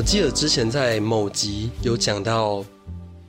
我記得之前在某集有講到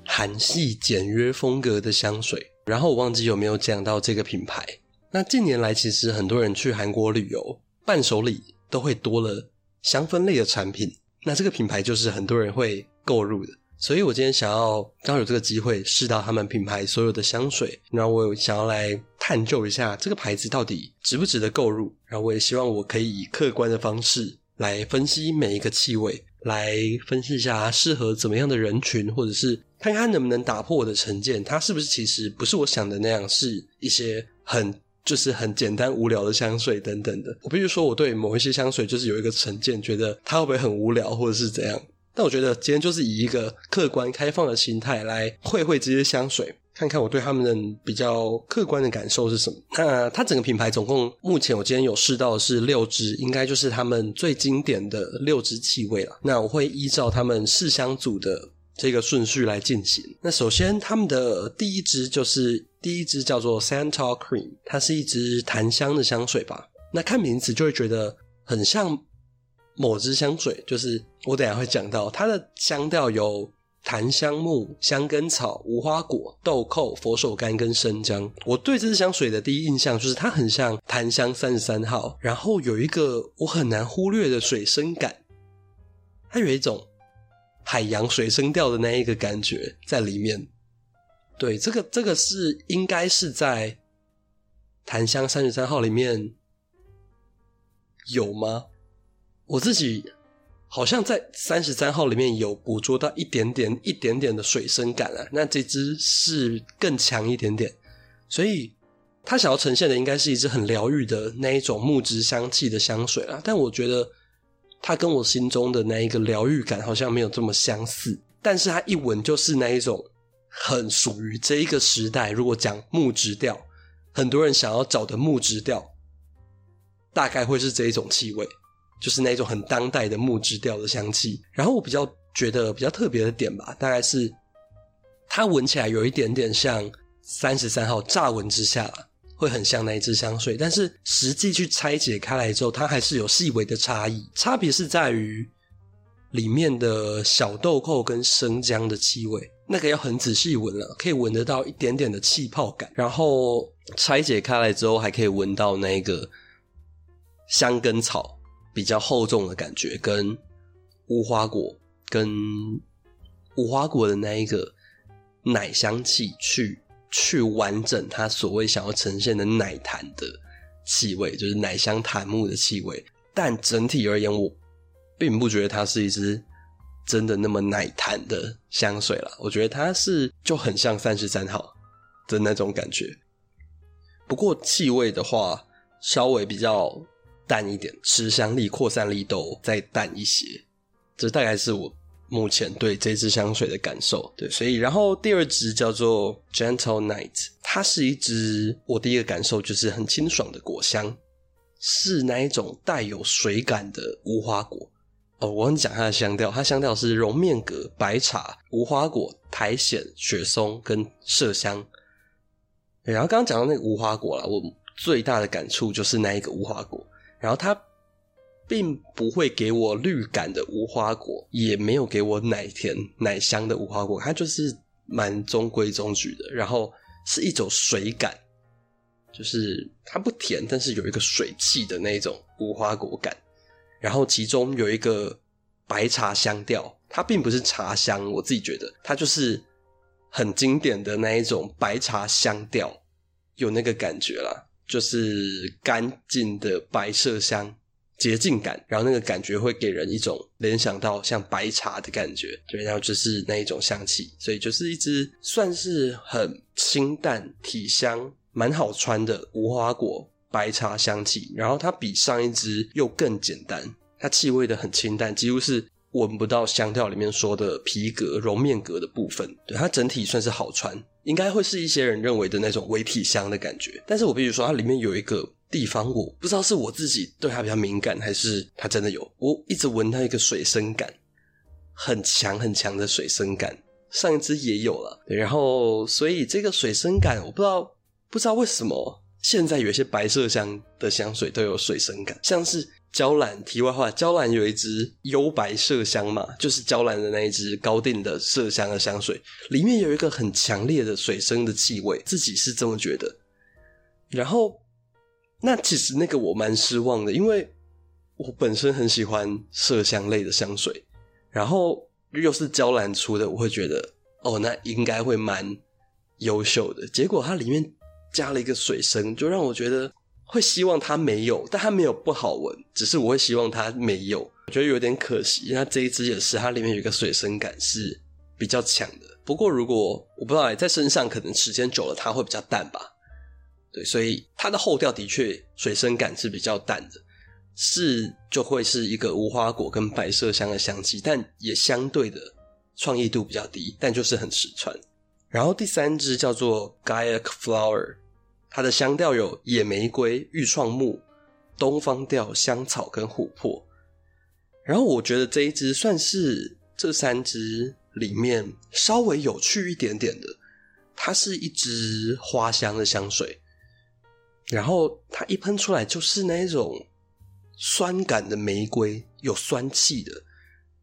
韓系簡約風格的香水，然後我忘記有沒有講到這個品牌。那近年來其實很多人去韓國旅遊，伴手禮都會多了香氛類的產品。那這個品牌就是很多人會購入的。所以我今天想要剛好有這個機會試到他們品牌所有的香水，然後我想要來探究一下這個牌子到底值不值得購入。然後我也希望我可以以客觀的方式來分析每一個氣味。來分析一下適合怎麼樣的人群，或者是看看能不能打破我的成見，它是不是其實不是我想的那樣，是一些很就是很簡單無聊的香水等等的。我必須說我對某一些香水就是有一個成見，覺得它會不會很無聊或者是怎樣？但我覺得今天就是以一個客觀開放的心態來會會這些香水，看看我對他們的比較客觀的感受是什麼。那它整個品牌總共目前我今天有試到的是六支，應該就是他們最經典的六支氣味了。那我會依照他們試香組的這個順序來進行。那首先他們的第一支就是第一支叫做 s a n t a Cream，它是一支檀香的香水吧？那看名詞就會覺得很像某支香水，就是我等下會講到它的香調有。檀香木、香根草、無花果、豆蔻、佛手柑跟生薑。我對這支香水的第一印象就是它很像檀香三十三號，然後有一個我很難忽略的水生感，它有一種海洋水生調的那一個感覺在裡面。對，這個這個是應該是在檀香三十三號裡面有嗎？我自己。好像在三十三號裡面有捕捉到一點點、一點點的水生感啊，那這支是更強一點點，所以它想要呈現的應該是一支很療癒的那一種木質香氣的香水啊。但我覺得它跟我心中的那一個療癒感好像沒有這麼相似，但是它一聞就是那一種很屬於這一個時代，如果講木質調，很多人想要找的木質調，大概會是這一種氣味。就是那種很當代的木質調的香氣，然後我比較覺得比較特別的點吧，大概是它聞起來有一點點像三十三號，乍聞之下會很像那一支香水，但是實際去拆解開來之後，它還是有細微的差異，差別是在於裡面的小豆蔻跟生薑的氣味，那個要很仔細聞了，可以聞得到一點點的氣泡感，然後拆解開來之後，還可以聞到那個香根草。比較厚重的感覺，跟無花果跟無花果的那一個奶香氣去去完整它所謂想要呈現的奶檀的氣味，就是奶香檀木的氣味。但整體而言，我並不覺得它是一支真的那麼奶檀的香水啦，我覺得它是就很像三十三號的那種感覺。不過氣味的話，稍微比較。淡一點，持香力、擴散力都再淡一些，這大概是我目前對這支香水的感受。對，所以然後第二支叫做 Gentle Night，它是一支我第一個感受就是很清爽的果香，是那一種帶有水感的無花果。哦，我很講它的香調，它香調是絨面革、白茶、無花果、苔蘚、雪松跟麝香、欸。然後剛剛講到那個無花果了，我最大的感觸就是那一個無花果。然後它並不會給我綠感的無花果，也沒有給我奶甜奶香的無花果，它就是蠻中規中矩的。然後是一種水感，就是它不甜，但是有一個水汽的那種無花果感。然後其中有一個白茶香調，它並不是茶香，我自己覺得它就是很經典的那一種白茶香調，有那個感覺啦。就是乾淨的白麝香，潔淨感，然後那個感覺會給人一種聯想到像白茶的感覺，對，然後就是那一種香氣，所以就是一支算是很清淡體香，蠻好穿的無花果白茶香氣，然後它比上一支又更簡單，它氣味的很清淡，幾乎是聞不到香調裡面說的皮革、絨面革的部分，對，它整體算是好穿。應該會是一些人認為的那種微體香的感覺，但是我必須說它裡面有一個地方，我不知道是我自己對它比較敏感，還是它真的有，我一直聞它一個水生感，很強很強的水生感，上一支也有了，然後所以這個水生感我不知道，不知道為什麼現在有一些白色香的香水都有水生感，像是。嬌蘭，題外話，嬌蘭有一支幽白麝香嘛，就是嬌蘭的那一支高定的麝香的香水，裡面有一個很強烈的水生的氣味，自己是這麼覺得。然後，那其實那個我蠻失望的，因為我本身很喜歡麝香類的香水，然後又是嬌蘭出的，我會覺得哦，那應該會蠻優秀的，結果它裡面加了一個水生，就讓我覺得。會希望它沒有，但它沒有不好聞，只是我會希望它沒有。我覺得有點可惜。因為它這一支也是，它裡面有一個水生感是比較強的。不過如果我不知道在身上，可能時間久了它會比較淡吧。對，所以它的後調的確水生感是比較淡的，是就會是一個無花果跟白麝香的香氣，但也相對的創意度比較低，但就是很實穿。然後第三支叫做 Gaiac Flower。它的香調有野玫瑰、愈創木、東方調、香草跟琥珀，然後我覺得這一支算是這三支裡面稍微有趣一點點的，它是一支花香的香水，然後它一噴出來就是那種酸感的玫瑰，有酸氣的，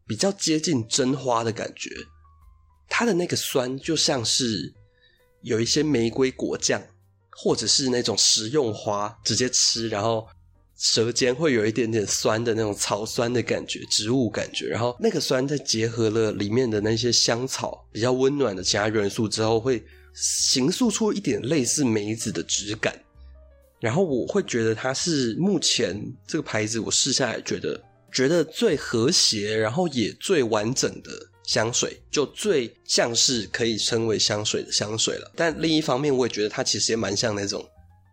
比較接近真花的感覺，它的那個酸就像是有一些玫瑰果醬。或者是那種食用花，直接吃，然後舌尖會有一點點酸的那種草酸的感覺，植物感覺。然後那個酸再結合了裡面的那些香草，比較溫暖的其他元素之後，會形塑出一點類似梅子的質感。然後我會覺得它是目前這個牌子我試下來覺得覺得最和諧，然後也最完整的。香水就最像是可以稱為香水的香水了，但另一方面，我也覺得它其實也蠻像那種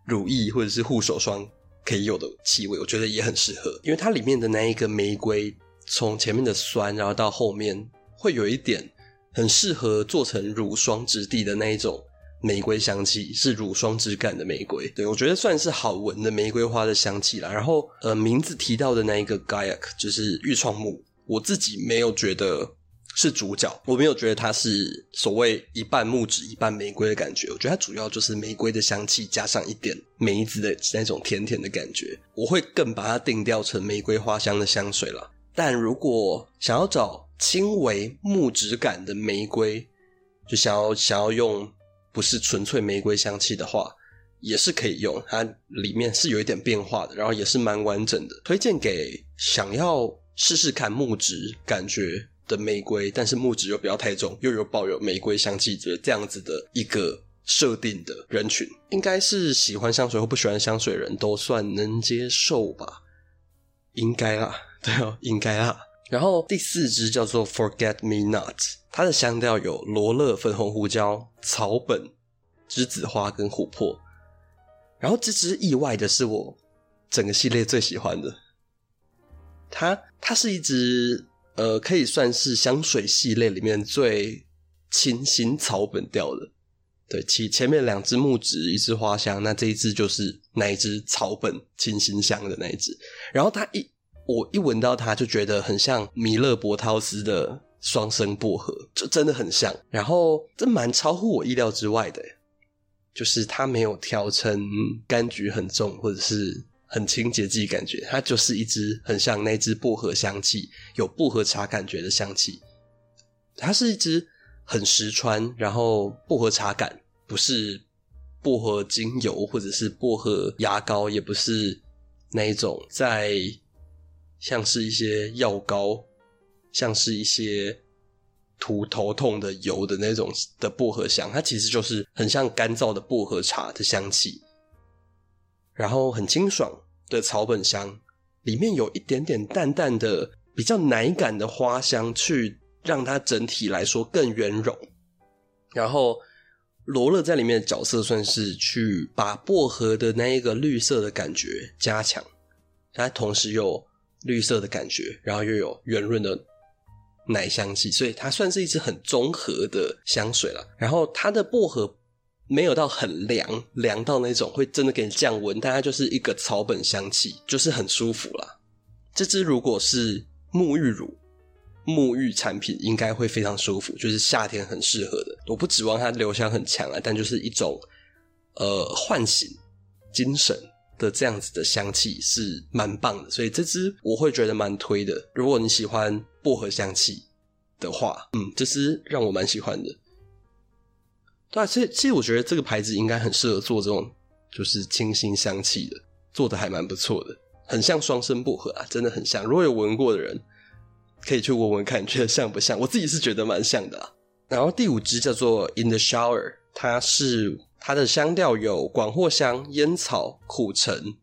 乳液或者是護手霜可以有的氣味，我覺得也很適合，因為它裡面的那一個玫瑰，從前面的酸，然後到後面會有一點很適合做成乳霜質地的那一種玫瑰香氣，是乳霜質感的玫瑰。對，我覺得算是好聞的玫瑰花的香氣啦，然後，呃，名字提到的那一個 GAIAC 就是愈創木，我自己沒有覺得。是主角，我沒有覺得它是所謂一半木質一半玫瑰的感覺，我覺得它主要就是玫瑰的香氣加上一點梅子的那種甜甜的感覺，我會更把它定調成玫瑰花香的香水啦。但如果想要找輕微木質感的玫瑰，就想要想要用不是純粹玫瑰香氣的話，也是可以用，它裡面是有一點變化的，然後也是蠻完整的，推薦給想要試試看木質感覺的玫瑰，但是木質又不要太重，又有抱有玫瑰香氣，就這樣子的一個設定的人群，應該是喜歡香水或不喜歡香水人都算能接受吧？應該啦，對哦、喔，應該啦。然後第四支叫做 Forget Me Not，它的香調有羅勒、粉紅胡椒、草本、梔子花跟琥珀。然後這支意外的是我整個系列最喜歡的，它它是一支。呃，可以算是香水系列裡面最清新草本調的。對，其前面兩只木質，一只花香，那這一支就是那一隻草本清新香的那一只。然後它一我一聞到它，就覺得很像彌勒伯濤斯的雙生薄荷，就真的很像。然後這蠻超乎我意料之外的，就是它沒有調成柑橘很重，或者是。很清潔劑感覺，它就是一支很像那支薄荷香氣，有薄荷茶感覺的香氣。它是一支很實穿，然後薄荷茶感不是薄荷精油，或者是薄荷牙膏，也不是那一種在像是一些藥膏，像是一些塗頭痛的油的那種的薄荷香。它其實就是很像乾燥的薄荷茶的香氣。然後很清爽的草本香，裡面有一點點淡淡的、比較奶感的花香，去讓它整體來說更圓融。然後羅勒在裡面的角色算是去把薄荷的那一個綠色的感覺加強，它同時有綠色的感覺，然後又有圓潤的奶香氣，所以它算是一支很綜合的香水了。然後它的薄荷。沒有到很涼，涼到那種會真的給你降溫，但它就是一個草本香氣，就是很舒服啦。這支如果是沐浴乳、沐浴產品，應該會非常舒服，就是夏天很適合的。我不指望它留香很強啊，但就是一種呃喚醒精神的這樣子的香氣是蠻棒的，所以這支我會覺得蠻推的。如果你喜歡薄荷香氣的話，嗯，這支讓我蠻喜歡的。對啊，其實其實我覺得這個牌子，應該很適合做這種，就是清新香氣的，做的還蠻不錯的，很像雙生薄荷啊，真的很像。如果有聞過的人，可以去聞聞看，覺得像不像？我自己是覺得蠻像的啊。然後第五支叫做《In the Shower》，它是它的香調有廣藿香、煙草、苦橙、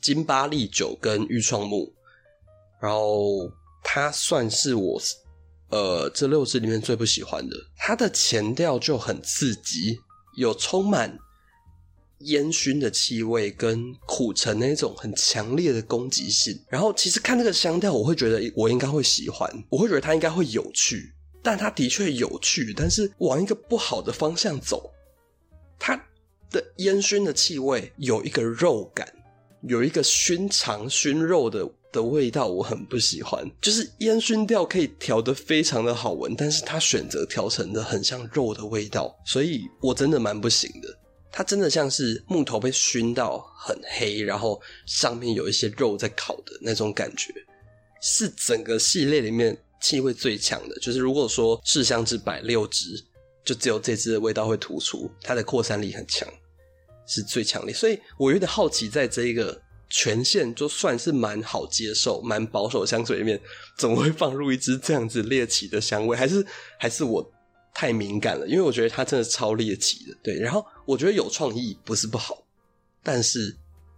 金巴利酒跟癒創木，然後它算是我，呃，這六支裡面最不喜歡的，它的前調就很刺激，有充滿煙燻的氣味跟苦橙那種很強烈的攻擊性。然後其實看這個香調，我會覺得我應該會喜歡，我會覺得它應該會有趣。但它的確有趣，但是往一個不好的方向走。它的煙燻的氣味有一個肉感，有一個燻腸燻肉的的味道我很不喜歡，就是煙燻調可以調得非常的好聞，但是它選擇調成的很像肉的味道，所以我真的蠻不行的。它真的像是木頭被燻到很黑，然後上面有一些肉在烤的那種感覺，是整個系列裡面氣味最強的。就是如果說試香之百六支，就只有這支的味道會突出，它的擴散力很強，是最強烈。所以我有點好奇在這一個。全線就算是蠻好接受、蠻保守的香水裡面，總會放入一支這樣子獵奇的香味？還是還是我太敏感了？因為我覺得它真的超獵奇的。對，然後我覺得有創意不是不好，但是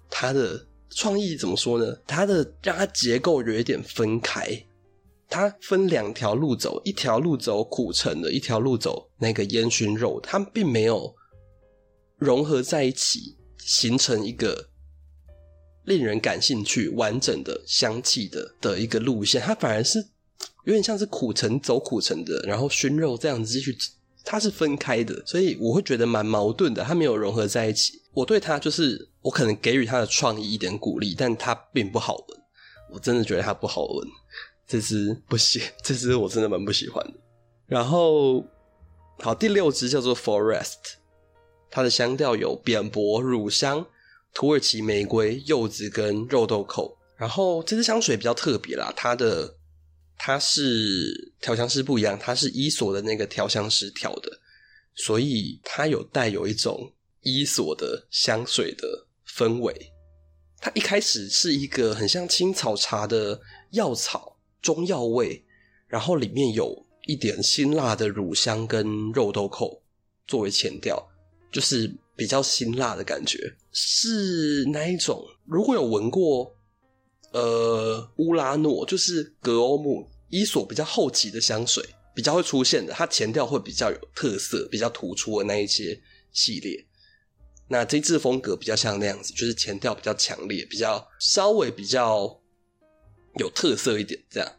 它的創意怎麼說呢？它的讓它結構有一點分開，它分兩條路走，一條路走苦橙的，一條路走那個煙燻肉，它並沒有融合在一起，形成一個。令人感興趣、完整的香氣的的一個路線，它反而是有點像是苦橙走苦橙的，然後燻肉這樣子去，它是分開的，所以我會覺得蠻矛盾的，它沒有融合在一起。我對它就是我可能給予它的創意一點鼓勵，但它並不好聞，我真的覺得它不好聞。這支不行，這支我真的蠻不喜歡的。然後好，第六支叫做 For Rest，它的香調有扁柏、乳香。土耳其玫瑰、柚子跟肉豆蔻，然後這支香水比較特別啦，它的它是調香師不一樣，它是伊索的那個調香師調的，所以它有帶有一種伊索的香水的氛圍。它一開始是一個很像青草茶的藥草中藥味，然後裡面有一點辛辣的乳香跟肉豆蔻作為前調，就是。比較辛辣的感覺是哪一種？如果有聞過，呃，烏拉諾就是格歐姆伊索比較後期的香水比較會出現的，它前調會比較有特色、比較突出的那一些系列。那這支風格比較像那樣子，就是前調比較強烈，比較稍微比較有特色一點這樣。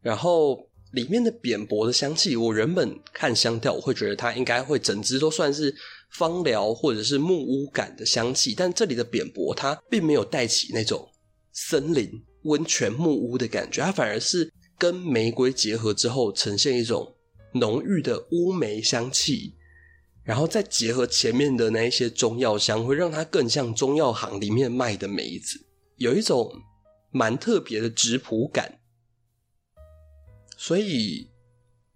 然後裡面的扁薄的香氣，我原本看香調，我會覺得它應該會整支都算是。芳療或者是木屋感的香氣，但這裡的扁柏它並沒有帶起那種森林溫泉木屋的感覺，它反而是跟玫瑰結合之後呈現一種濃郁的烏梅香氣，然後再結合前面的那一些中藥香，會讓它更像中藥行裡面賣的梅子，有一種蠻特別的質樸感。所以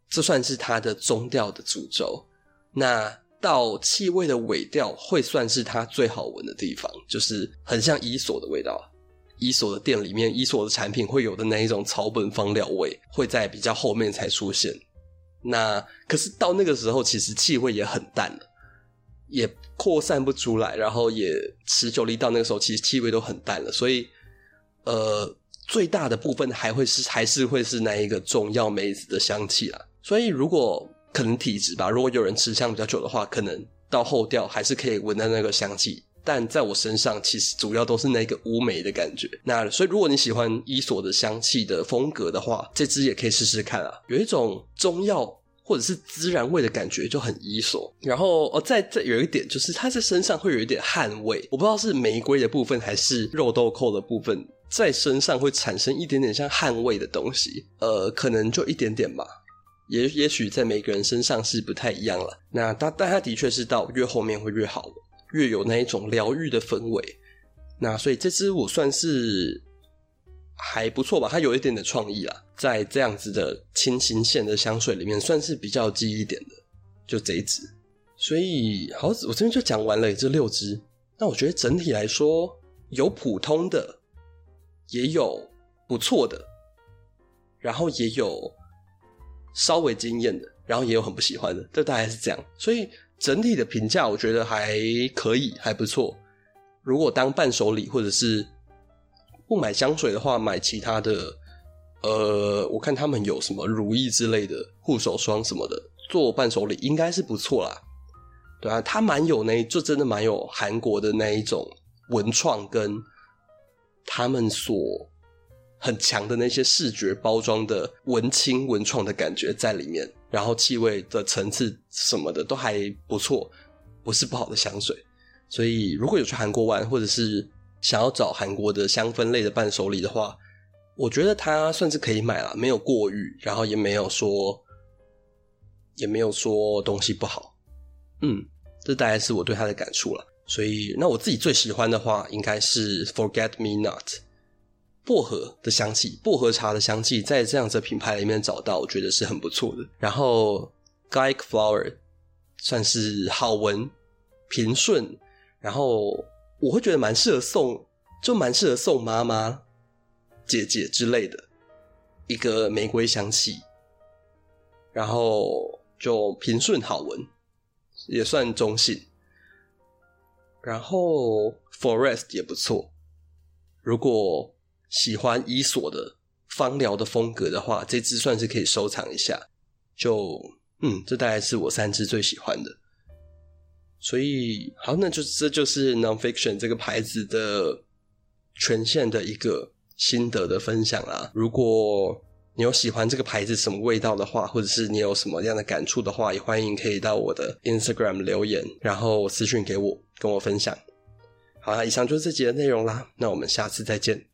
這算是它的中調的主軸，那，到氣味的尾調會算是它最好聞的地方，就是很像伊索的味道。伊索的店裡面，伊索的產品會有的那一種草本芳料味會在比較後面才出現。那可是到那個時候，其實氣味也很淡了，也擴散不出來，然後也持久力到那個時候，其實氣味都很淡了。所以，呃，最大的部分還會是還是會是那一個中藥梅子的香氣啦、啊。所以如果。可能體質吧，如果有人持香比較久的話，可能到後調還是可以聞到那個香氣。但在我身上，其實主要都是那個烏梅的感覺。那所以，如果你喜歡伊索的香氣的風格的話，這支也可以試試看啊。有一種中藥或者是孜然味的感覺，就很伊索。然後哦，再再有一點就是它在身上會有一點汗味，我不知道是玫瑰的部分還是肉豆蔻的部分，在身上會產生一點點像汗味的東西。呃，可能就一點點吧。也也許在每個人身上是不太一樣了。那它，但它的確是到越後面會越好，越有那一種療癒的氛圍。那所以這支我算是還不錯吧，它有一點的創意啦，在這樣子的清新線的香水裡面算是比較記憶一點的，就這一支。所以好，我這邊就講完了這六支。那我覺得整體來說，有普通的，也有不錯的，然後也有。稍微驚艷的，然後也有很不喜歡的，這大概是這樣。所以整體的評價，我覺得還可以，還不錯。如果當伴手禮，或者是不買香水的話，買其他的，呃，我看他們有什麼乳液之類的護手霜什麼的，做伴手禮應該是不錯啦。對啊，他蠻有呢，就真的蠻有韓國的那一種文創跟他們所。很強的那些視覺包裝的文青文創的感覺在裡面，然後氣味的層次什麼的都還不錯，不是不好的香水。所以如果有去韓國玩，或者是想要找韓國的香氛類的伴手禮的話，我覺得它算是可以買啦，沒有過譽，然後也沒有說也沒有說東西不好。嗯，這大概是我對它的感觸啦。所以那我自己最喜歡的話，應該是 Forget Me Not。薄荷的香氣，薄荷茶的香氣，在這樣子的品牌裡面找到，我覺得是很不錯的。然後，Gaiac Flower 算是好聞、平順，然後我會覺得蠻適合送，就蠻適合送媽媽、姐姐之類的一個玫瑰香氣，然後就平順、好聞，也算中性。然後，For Rest 也不錯，如果。喜歡伊索的芳療的風格的話，這支算是可以收藏一下。就嗯，這大概是我三支最喜歡的。所以好，那就這就是 Nonfiction 這個牌子的全線的一個心得的分享啦。如果你有喜歡這個牌子什麼味道的話，或者是你有什麼樣的感觸的話，也歡迎可以到我的 Instagram 留言，然後私訊給我，跟我分享。好啦，以上就是這集的內容啦。那我們下次再見。